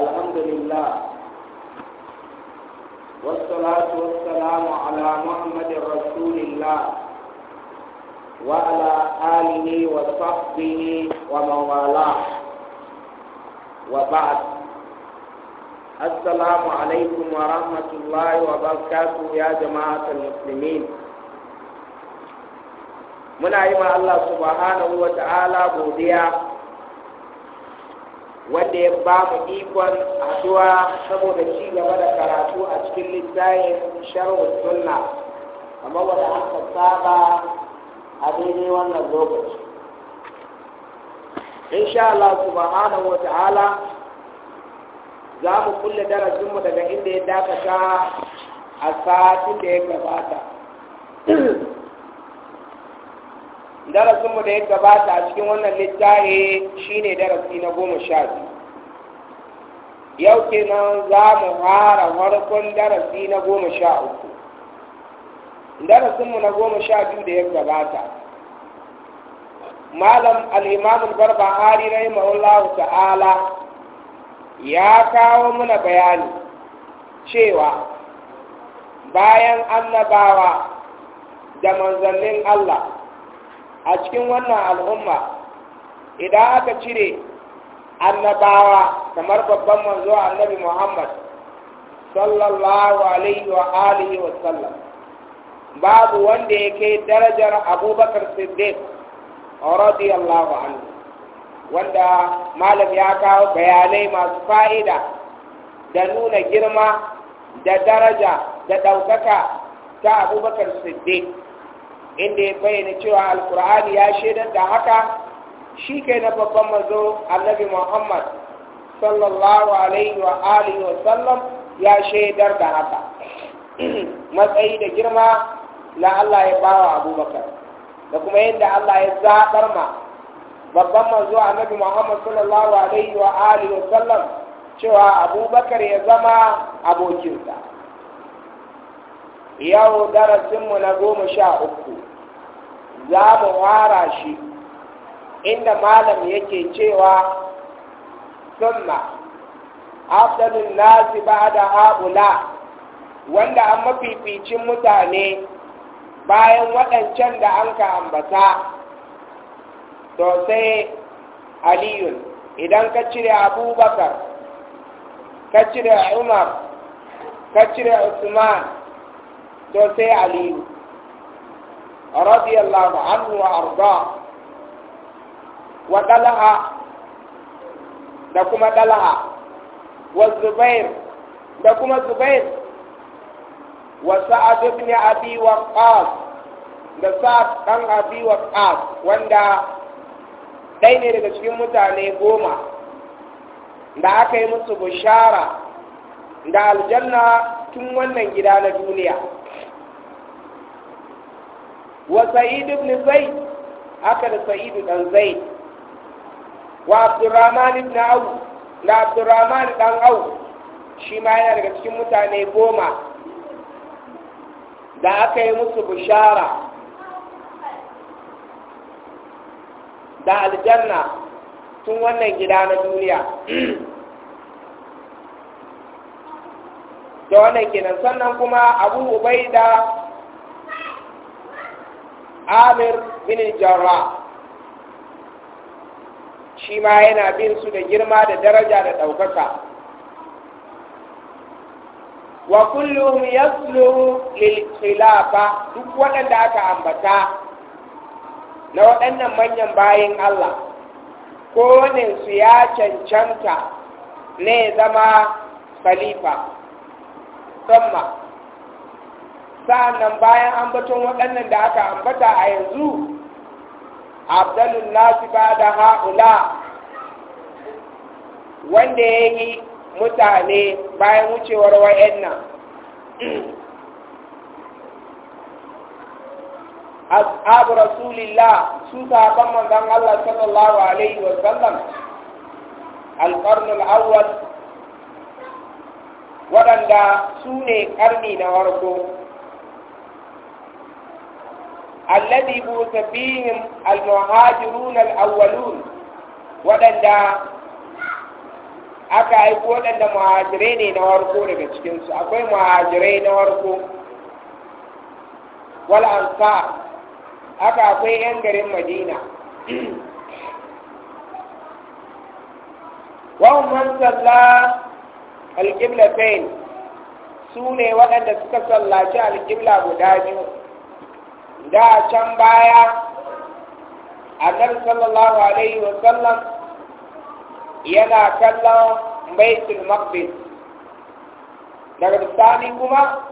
الحمد لله والصلاة والسلام على محمد رسول الله وعلى آله وصحبه ومن والاه وبعد السلام عليكم ورحمة الله وبركاته يا جماعة المسلمين muna yi ma Allah subhanahu wa ta'ala godiya wanda ya ba mu ikon haɗuwa saboda ci gaba da karatu a cikin littafin sharhu sunna amma wanda aka saba a daidai wannan lokaci insha Allah subhanahu wa ta'ala za mu kulle mu daga inda ya dakata a satin da ya gabata darasinmu da ya gabata a cikin wannan littafi shine darasi na goma sha biyu yau kenan za mu fara farkon darasi na goma sha uku darasinmu na goma sha biyu da ya gabata malam al'imamun barbahari rahimahullahu ta'ala ya kawo muna bayani cewa bayan annabawa da manzannin Allah a cikin wannan al'umma idan aka cire annabawa kamar babban manzo annabi Muhammad sallallahu alaihi wa alihi wa sallam babu wanda ya kai darajar abubakar siddiq radiyallahu anhu wanda malam ya kawo bayanai masu fa'ida da nuna girma da daraja da ɗaukaka ta abubakar siddiq inda ya bayyana cewa alkur'ani ya shaidar da haka shi kai na babban mazo annabi muhammad sallallahu alaihi wa alihi wa sallam ya shaidar da haka matsayi da girma na allah ya bawa abubakar da kuma yadda allah ya zaɓar ma babban mazo annabi muhammad sallallahu alaihi wa alihi wa sallam cewa abubakar ya zama abokinsa yau darasinmu na goma sha uku za mu wara shi inda malam yake cewa sunna afdalun nasi ba'da haula wanda an mafificin mutane bayan waɗancan da an ka ambata to sai aliyun idan ka cire abubakar ka cire umar ka cire usman to sai aliyu رضي الله عنه وأرضاه وطلحة دكما طلحة والزبير دكما الزبير وسعد بن أبي وقاص da sa'ad ɗan abi waqas wanda ɗaya ne daga cikin mutane goma da aka yi musu bishara da aljanna tun wannan gida na duniya wa sa'id ibn zayd haka da sa'id dan zayd wa abdurrahman ibn aw la abdurrahman dan aw shi ma yana daga cikin mutane goma da aka yi musu bishara da aljanna tun wannan gida na duniya da wannan kenan sannan kuma abu ubaida amir bin jarra shi ma yana bin su da girma da daraja da ɗaukaka wa kullum yaslu lil khilafa duk waɗanda aka ambata na waɗannan manyan bayan Allah ko su ya cancanta ne zama khalifa sama sa'annan bayan ambaton waɗannan da aka ambata a yanzu abdullun nasi ba da ha'ula wanda ya yi mutane bayan wucewar nan ab rasulillah su sahabban manzon Allah sallallahu alaihi wa sallam al su ne ƙarni na farko alladhi buta fihim almuhajirun alawwalun waɗanda aka aiko waɗanda muhajirai ne na warko daga cikinsu akwai muhajirai na warko wal ansar haka akwai 'yan garin madina wahun man salla alƙiblatain su ne waɗanda suka sallaci alƙibla guda biyu da can baya a nan sallallahu alaihi wa sallam yana kallon baitul maqdis daga bisani kuma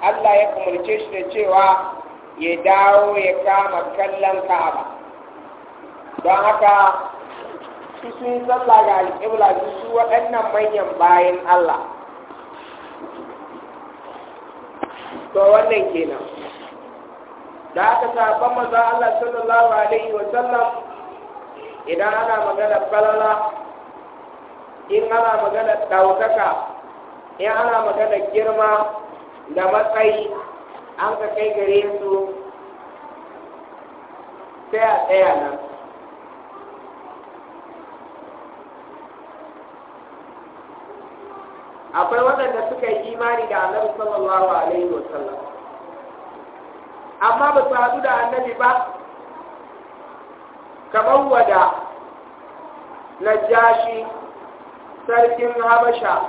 Allah ya umarce shi da cewa ya dawo ya kama kallon ka'aba don haka su sun sallah ga alƙibla su su waɗannan manyan bayan Allah to wannan kenan da aka sahabban manzon Allah sallallahu alaihi wa sallam idan ana magana falala in ana magana daukaka in ana magana girma da matsayi an ka kai gare su sai a tsaya nan akwai waɗanda suka yi imani da annabi sallallahu alaihi wa sallam amma ba su haɗu da annabi ba kamar wada jashi, sarkin habasha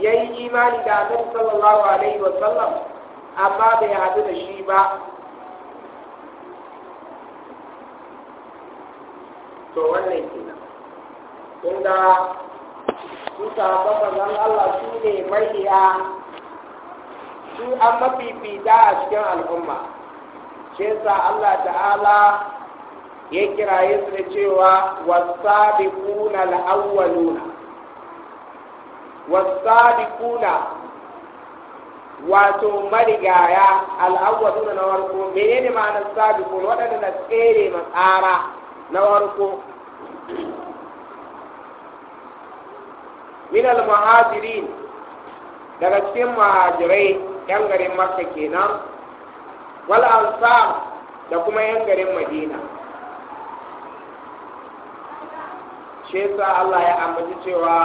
ya yi imani da annabi sallallahu alaihi wasallam amma bai haɗu da shi ba to wannan kenan tunda su sabon Allah su ne mahiya su an fita a cikin al'umma shi yasa Allah ta'ala ya kiraye su da cewa wasabiquna al-awwaluna wasabiquna wato marigaya al'awwaluna na warko menene ma'anar kuna waɗanda na tsere matsara na warko min al-muhajirin daga cikin muhajirai yan garin makka kenan wal ansar da kuma yan garin madina shi yasa Allah ya ambaci cewa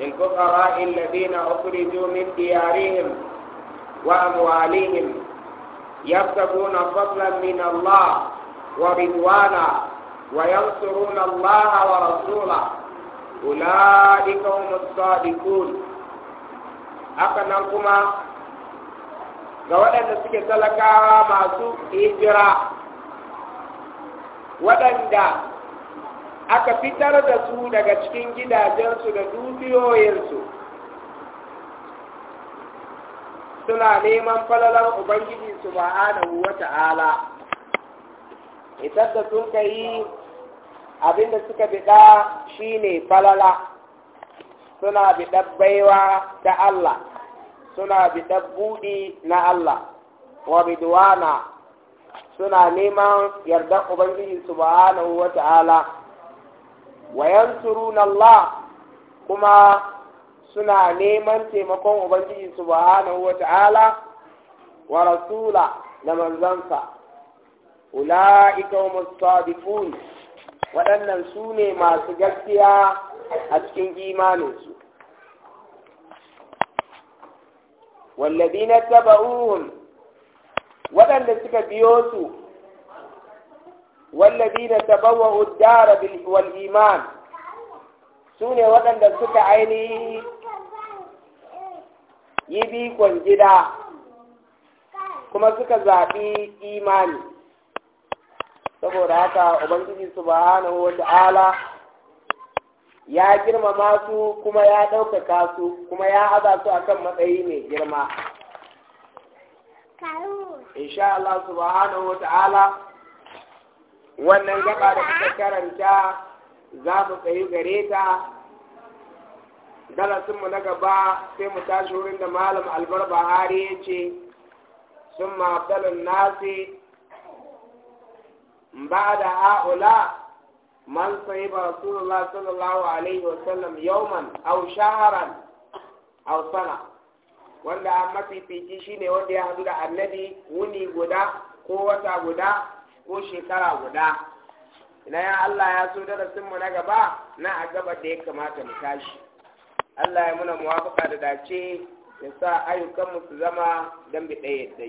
lil fuqara alladhina ukhriju min diyarihim wa amwalihim yabtaguna fadlan min Allah wa ridwana وينصرون الله ورسوله أولئك هم الصادقون haka nan kuma ga waɗanda suke talakawa masu hijira waɗanda aka fitar da su daga cikin gidajensu da dukiyoyinsu suna neman falalar ubangiji su wa ta'ala itar da sun ka abinda suka shi shine falala suna biɗar baiwa ta Allah suna bidan buɗi na Allah wa bidwana suna neman yardan ubangiji subhanahu wa ta'ala wa yansuruna Allah kuma suna neman taimakon ubangiji subhanahu wa ta'ala wa rasula da manzansa ula'ika humus sadiqun waɗannan su ne masu gaskiya a cikin imaninsu wallazina tabauhum waɗanda suka biyo su wallabi na ad wa bil wal iman sune waɗanda suka ainihi yi bikon gida kuma suka zaɓi imani saboda haka ubangiji subhanahu wa ta'ala ya girmama su kuma ya ɗaukaka su kuma ya aza su a kan matsayi mai girma insha Allah subhanahu wa ta'ala wannan gaba da kuka karanta za mu tsayi gare ta darasinmu na gaba sai mu tashi wurin da malam albar bahari ya ce sun ma'abdalin nasi ba da ha'ula man sahiba rasulullah sallallahu alaihi wa sallam yawman aw shaharan aw wanda an mafifici shine wanda ya hadu da annabi wuni guda ko wata guda ko shekara guda ina ya Allah ya so darasin mu na gaba na a da ya kamata mu tashi Allah ya muna muwafaka da dace ya sa ayyukanmu su zama dambe ɗaya ɗaya